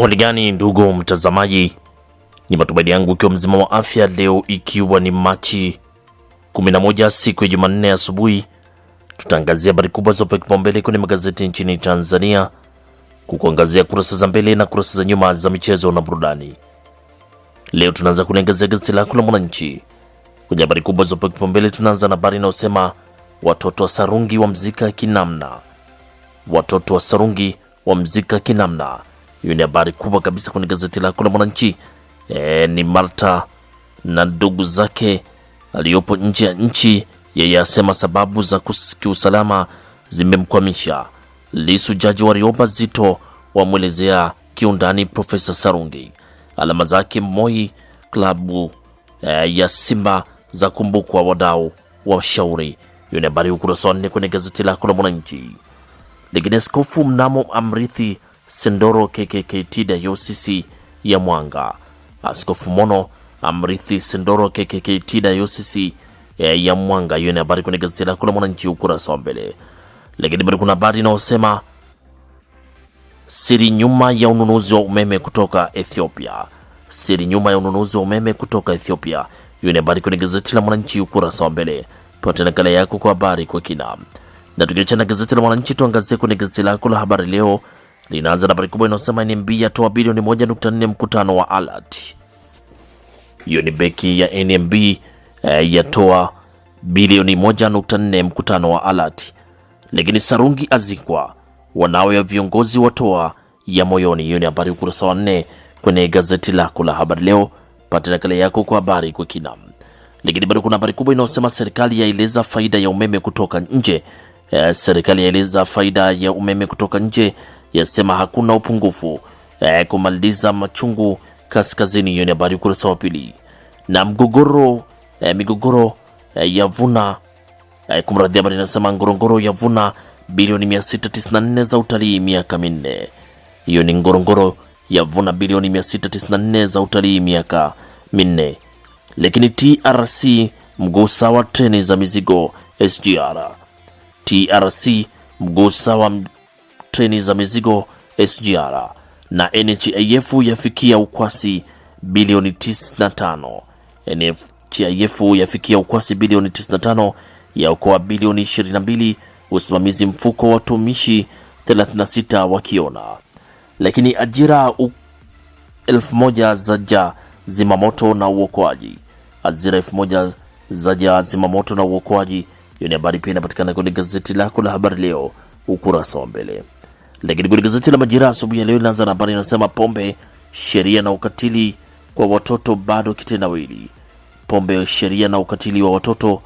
Hali gani ndugu mtazamaji, ni matumaini yangu ukiwa mzima wa afya. Leo ikiwa ni Machi 11 siku ya Jumanne asubuhi, tutaangazia habari kubwa zopewa kipaumbele kwenye magazeti nchini Tanzania, kukuangazia kurasa za mbele na kurasa za nyuma za michezo na burudani. Leo tunaanza kuliangazia gazeti lako la Mwananchi kwenye habari kubwa zopewa kipaumbele. Tunaanza na habari inayosema watoto wa Sarungi wamzika kinamna, watoto wa Sarungi wamzika kinamna hiyo ni habari kubwa kabisa kwenye gazeti lako la Mwananchi. E, ni marta na ndugu zake aliyopo nje ya nchi, yeye asema sababu za kiusalama zimemkwamisha. Lisu jaji Rioba Zito wamwelezea kiundani Profesa Sarungi. Alama zake Moi klabu e, ya Simba za kumbukwa, wadau wa shauri. Hiyo ni habari ukurasa wa nne kwenye gazeti lako la Mwananchi. Lakini askofu mnamo amrithi Sendoro KKKT Dayosisi ya Mwanga. Askofu Mono amrithi Sendoro KKKT Dayosisi eh, ya Mwanga. Hiyo ni habari kwenye gazeti lako la Mwananchi ukurasa wa mbele, lakini bado kuna habari inayosema siri nyuma ya ununuzi wa umeme kutoka Ethiopia. Siri nyuma ya ununuzi wa umeme kutoka Ethiopia. Hiyo ni habari kwenye gazeti la Mwananchi ukurasa wa mbele. Pata nakala yako kwa habari kwa kina. Na tukiachana gazeti la Mwananchi, tuangazie kwenye gazeti lako la Habari Leo linaanza na habari kubwa inayosema NMB yatoa bilioni 1.4 mkutano wa alert. Hiyo ni benki ya NMB eh, yatoa bilioni 1.4 mkutano wa alert. Lakini Sarungi azikwa, wanawe viongozi watoa ya moyoni. Hiyo ni habari ukurasa wa nne kwenye gazeti lako la habari leo. Pata nakala yako kwa habari kwa kina. Lakini bado kuna habari kubwa inayosema serikali yaeleza faida ya umeme kutoka nje. Eh, serikali yaeleza faida ya umeme kutoka nje yasema hakuna upungufu eh, kumaliza machungu kaskazini. Hiyo ni habari ukurasa wa pili. Na mgogoro eh, migogoro eh, yavuna eh, kumradhi, habari inasema Ngorongoro yavuna bilioni 694 za utalii miaka minne. Hiyo ni Ngorongoro yavuna bilioni 694 za utalii miaka minne. Lakini TRC mgusa wa treni za mizigo SGR. TRC mgusa wa treni za mizigo SGR na NHIF yafikia ukwasi bilioni 95. NHIF yafikia ukwasi bilioni 95 ya ukoa bilioni 22, usimamizi mfuko wa watumishi 36 wakiona, lakini ajira elfu za ja zimamoto na uokoaji, ajira 1000 moja zaja zimamoto na uokoaji. Hiyo ni habari pia inapatikana kwenye gazeti lako la habari leo ukurasa wa mbele. Lakini kwenye gazeti la Majira asubuhi ya leo inaanza na habari inasema pombe, sheria na ukatili kwa watoto bado kitendawili. Pombe, sheria na ukatili wa watoto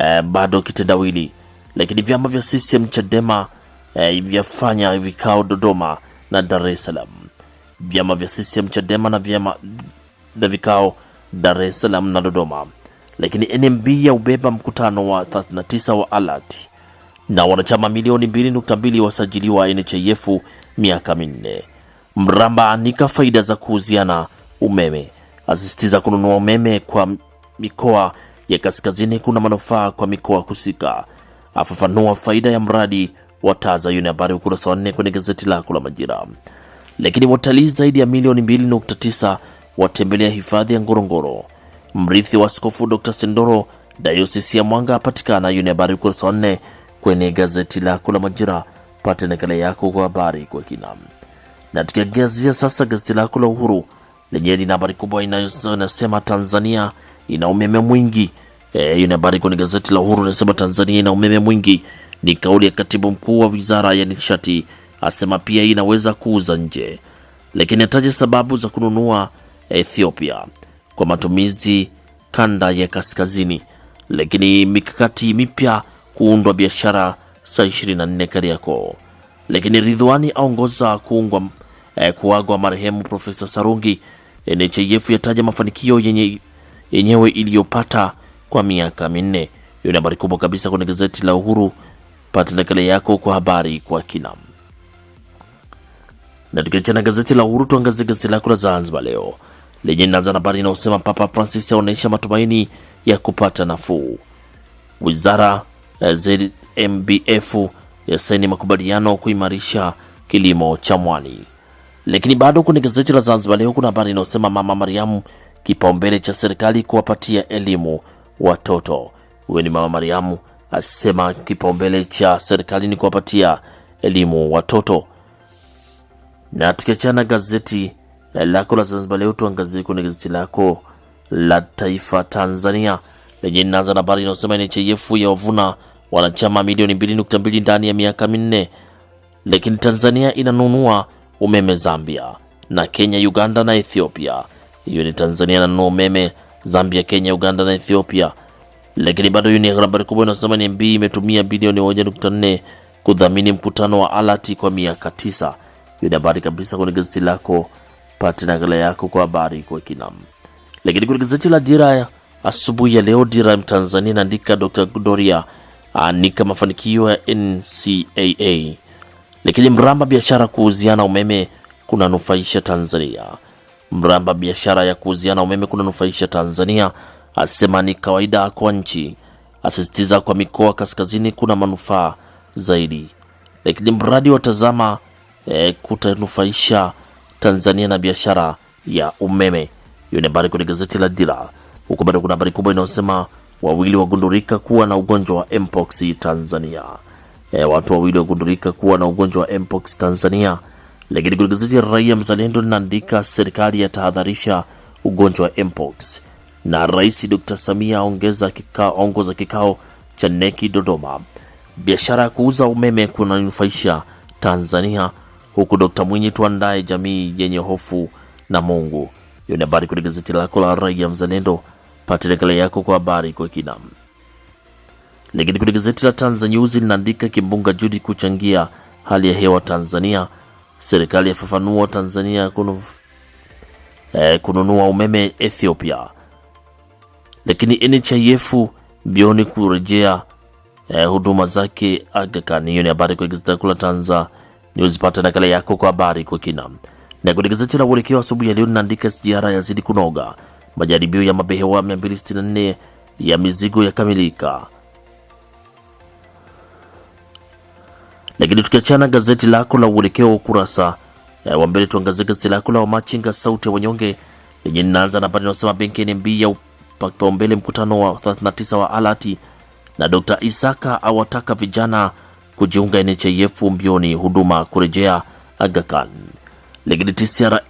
eh, bado kitendawili. Lakini vyama vya CCM, Chadema eh, vyafanya vikao Dodoma na Dar es Salaam. Vyama vya CCM, Chadema na vyama na vikao Dar es Salaam na Dodoma. Lakini NMB ya ubeba mkutano wa 39 wa alati na wanachama milioni 2.2 wasajiliwa NHIF miaka minne. Mramba anika faida za kuuziana umeme, asisitiza kununua umeme kwa mikoa ya kaskazini kuna manufaa kwa mikoa husika, afafanua faida ya mradi wa taa za yuni. Habari ukurasa wa nne kwenye gazeti lako la Majira. Lakini watalii zaidi ya milioni 2.9 watembelea hifadhi ya Ngorongoro. Mrithi wa Askofu Dr Sendoro dayosisi ya Mwanga apatikana yuni. Habari ukurasa wa nne kwenye gazeti lako la Majira. Pate nakala yako kwa habari kwa kina. Na tukiangazia sasa gazeti lako la Uhuru lenye lina habari kubwa inayosema Tanzania ina umeme mwingi. Eh, hiyo ni habari kwenye gazeti la Uhuru inasema Tanzania ina umeme mwingi, ni kauli ya katibu mkuu wa wizara ya nishati, asema pia inaweza kuuza nje, lakini ataja sababu za kununua Ethiopia kwa matumizi kanda ya kaskazini, lakini mikakati mipya kuundwa biashara saa 24 Kariakoo. Lakini Ridhwani aongoza kuungwa eh, kuagwa marehemu Profesa Sarungi. NHIF yataja mafanikio yenye, yenyewe iliyopata kwa miaka minne. Hiyo ni habari kubwa kabisa kwenye gazeti la Uhuru. Pata nakala yako kwa habari kwa kina. Na tukiachana na gazeti la Uhuru, tuangazie gazeti lako la Zanzibar Leo lenye naanza na habari inayosema Papa Francis aonyesha matumaini ya kupata nafuu. Wizara Eh, ZMBF yasaini eh, makubaliano kuimarisha kilimo cha mwani. Lakini bado kwenye gazeti la Zanzibar Leo kuna habari inayosema Mama Mariamu, kipaumbele cha serikali kuwapatia elimu watoto. Huyo ni Mama Mariamu asema kipaumbele cha serikali ni kuwapatia elimu watoto. Na tukiachana gazeti eh, lako la Zanzibar Leo, tuangazie kwenye gazeti lako la Taifa Tanzania lenye linaanza na habari inayosema NHIF ya wavuna wanachama milioni 2.2 ndani ya miaka minne, lakini Tanzania inanunua umeme Zambia na Kenya, Uganda na Ethiopia. Hiyo ni Tanzania inanunua umeme Zambia, Kenya, Uganda na Ethiopia, lakini bado hiyo ni habari kubwa inayosema NMB e imetumia bilioni 1.4 kudhamini mkutano wa alati kwa miaka tisa. Hiyo ni habari kabisa kwenye gazeti lako, pate nakala yako kwa habari kwa kinam. Lakini kwenye gazeti la Dira ya asubuhi ya leo. Dira Mtanzania inaandika Dr. Gloria ah, anika mafanikio ya NCAA, lakini mramba biashara kuuziana umeme kuna nufaisha Tanzania. Mramba biashara ya kuuziana umeme kuna nufaisha Tanzania, asema ni kawaida kwa nchi, asisitiza kwa mikoa kaskazini kuna manufaa zaidi, lakini mradi wa Tazama e, kutanufaisha Tanzania na biashara ya umeme. Hiyo ni habari kwenye gazeti la Dira huku bado kuna habari kubwa inayosema wawili wagundulika kuwa na ugonjwa wa mpox Tanzania. E, watu wawili wagundulika kuwa na ugonjwa wa mpox Tanzania. Lakini kwenye gazeti la Raia Mzalendo linaandika serikali yatahadharisha ugonjwa wa mpox, na Rais Dr. Samia aongoza kikao, kikao cha neki Dodoma. Biashara ya kuuza umeme kunanufaisha Tanzania, huku Dr. Mwinyi, tuandae jamii yenye hofu na Mungu. Hiyo ni habari kwenye gazeti lako la Raia Mzalendo. Pata nakala yako kwa habari kwa kina. Lakini kwenye gazeti la Tanzania News linaandika kimbunga Judi kuchangia hali ya hewa Tanzania, serikali yafafanua Tanzania kunu, eh, kununua umeme Ethiopia. Lakini NHIF mbioni kurejea eh, huduma zake Aga Khan. Hiyo ni habari kwenye gazeti lako la Tanzania News, pata nakala yako kwa habari kwa kina. Na kwenye gazeti la Uelekeo asubuhi ya leo linaandika SGR yazidi kunoga Majaribio ya mabehewa 264 ya mizigo yakamilika. Lakini tukiachana gazeti lako la uelekeo wa ukurasa eh, wa mbele, tuangazie gazeti lako la Wamachinga sauti ya wanyonge lenye linaanza na habari inayosema benki NMB ya kipaumbele mkutano wa 39 wa alati na Dr. Isaka awataka vijana kujiunga NHIF mbioni huduma kurejea Aga Khan. Lakini TCRA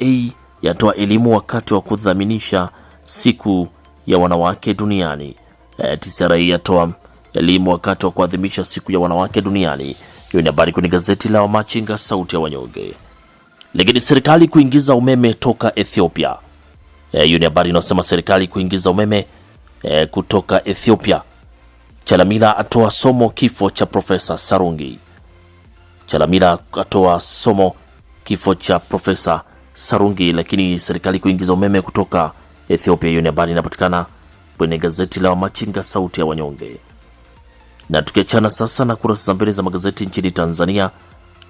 yatoa elimu wakati wa kudhaminisha siku ya wanawake duniani. Eh, TCRA yatoa elimu wakati wa kuadhimisha siku ya wanawake duniani. Hiyo ni habari kwenye gazeti la Wamachinga, sauti ya wanyonge. Lakini serikali kuingiza umeme toka Ethiopia. Eh, hiyo e, ni habari inayosema serikali kuingiza umeme e, kutoka Ethiopia. Chalamila atoa somo kifo cha Profesa Sarungi. Chalamila atoa somo kifo cha Profesa Sarungi, lakini serikali kuingiza umeme kutoka Ethiopia. Hiyo ni habari inapatikana kwenye gazeti la Wamachinga, sauti ya wanyonge. Na tukiachana sasa na kurasa za mbele za magazeti nchini Tanzania,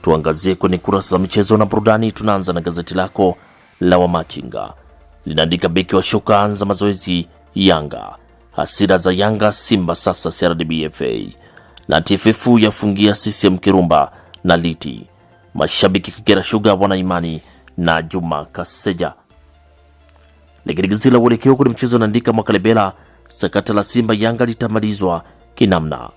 tuangazie kwenye kurasa za michezo na burudani. Tunaanza na gazeti lako la Wamachinga, linaandika beki wa shoka anza mazoezi Yanga, hasira za Yanga Simba sasa CRDBFA, na TFF yafungia CCM Kirumba na Liti, mashabiki Kagera Sugar wana imani na Juma Kaseja. Lakini gazeti la Uelekeo kwenye mchezo naandika Mwakalebela, sakata la Simba Yanga litamalizwa kinamna.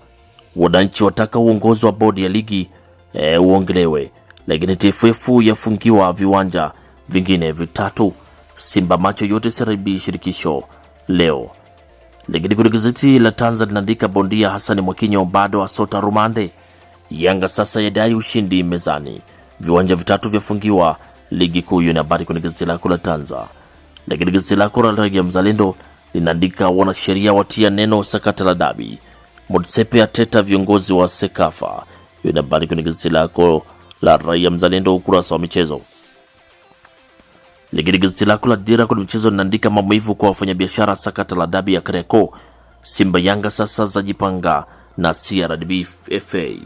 Wananchi wataka uongozi wa bodi ya ligi e, uongelewe. Lakini TFF yafungiwa viwanja vingine vitatu. Simba macho yote CRB shirikisho leo. Lakini kwenye gazeti la Tanza linaandika bondia Hasani Mwakinyo bado asota rumande. Yanga sasa yadai ushindi mezani. Viwanja vitatu vyafungiwa ligi kuu. Hiyo ni habari kwenye gazeti lako la Tanza. Lakini gazeti lako la ya Mzalendo linaandika wanasheria watia neno sakata la dabi, Motsepe ateta viongozi wa Sekafa. Hiyo ni habari kwenye gazeti lako la Raia Mzalendo ukurasa wa michezo. Lakini gazeti lako la Dira kwenye michezo linaandika maumivu kwa wafanyabiashara, sakata la dabi ya Kariakoo, Simba Yanga sasa zajipanga na CRDB FA. Hiyo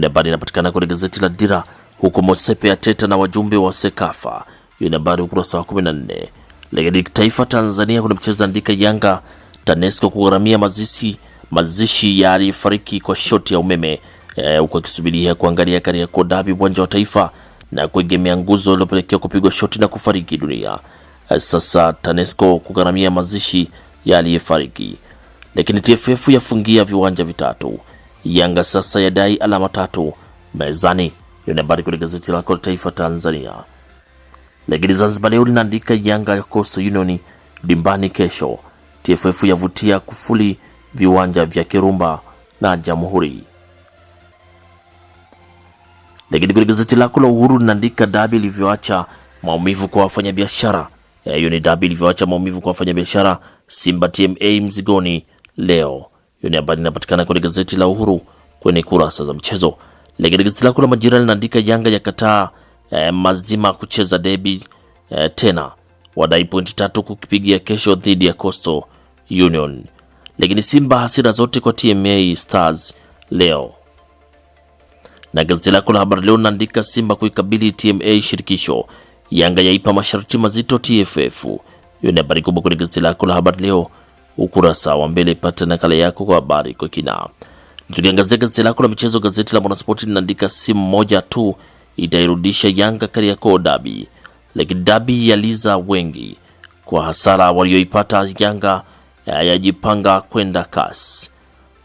ni habari inapatikana kwenye gazeti la Dira, huku Motsepe ateta na wajumbe wa Sekafa. Hiyo ni habari ukurasa wa 14 lakini taifa Tanzania kuna mchezo andika Yanga TANESCO kugharamia mazishi mazishi ya aliyefariki kwa shoti ya umeme eh, huko, e, akisubiria kuangalia Kariakoo dabi uwanja wa taifa na kuegemea nguzo iliyopelekea kupigwa shoti na kufariki dunia. E, sasa TANESCO kugharamia mazishi ya aliyefariki, lakini TFF yafungia viwanja vitatu. Yanga sasa yadai alama tatu mezani. Hiyo ni habari kwenye gazeti lako la Taifa Tanzania. Lakini Zanzibar leo linaandika Yanga ya Coastal Union dimbani kesho. TFF yavutia kufuli viwanja vya Kirumba na Jamhuri. Lakini kwenye gazeti lako la Uhuru linaandika dabi ilivyoacha maumivu kwa wafanyabiashara. Eh, hiyo ni dabi ilivyoacha maumivu kwa wafanyabiashara. Simba TMA mzigoni leo. Hiyo ni habari inapatikana kwenye gazeti la Uhuru kwenye kurasa za mchezo. Lakini gazeti lako la Majira linaandika Yanga ya kataa eh, mazima kucheza debi eh, tena wadai pointi tatu kukipigia kesho dhidi ya Coastal Union. Lakini Simba hasira zote kwa TMA Stars leo. Na gazeti lako la habari leo naandika Simba kuikabili TMA shirikisho, Yanga yaipa masharti mazito TFF. Hiyo ni habari kubwa kwenye gazeti lako la habari leo ukurasa wa mbele. Pata nakala yako kwa habari kwa kina. Tukiangazia gazeti lako la michezo, gazeti la Mwanaspoti linaandika simu moja tu itairudisha Yanga Kariakoo dabi, lakini dabi ya liza wengi kwa hasara walioipata. Yanga ya eh, yajipanga kwenda kas,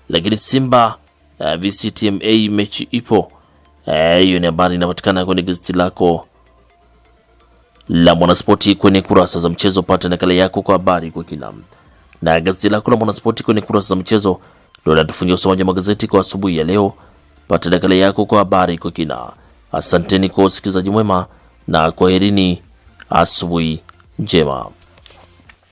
lakini Simba eh, VCTMA mechi ipo eh, hiyo. Ni habari inapatikana kwenye gazeti lako la Mwanaspoti kwenye kurasa za mchezo. Pata nakala yako kwa habari kwa kina, na gazeti lako la Mwanaspoti kwenye kurasa za mchezo ndio linatufungia usomaji wa magazeti kwa asubuhi ya leo. Pata nakala yako kwa habari kwa kina. Asanteni kwa usikilizaji mwema na kwaherini, asubuhi njema.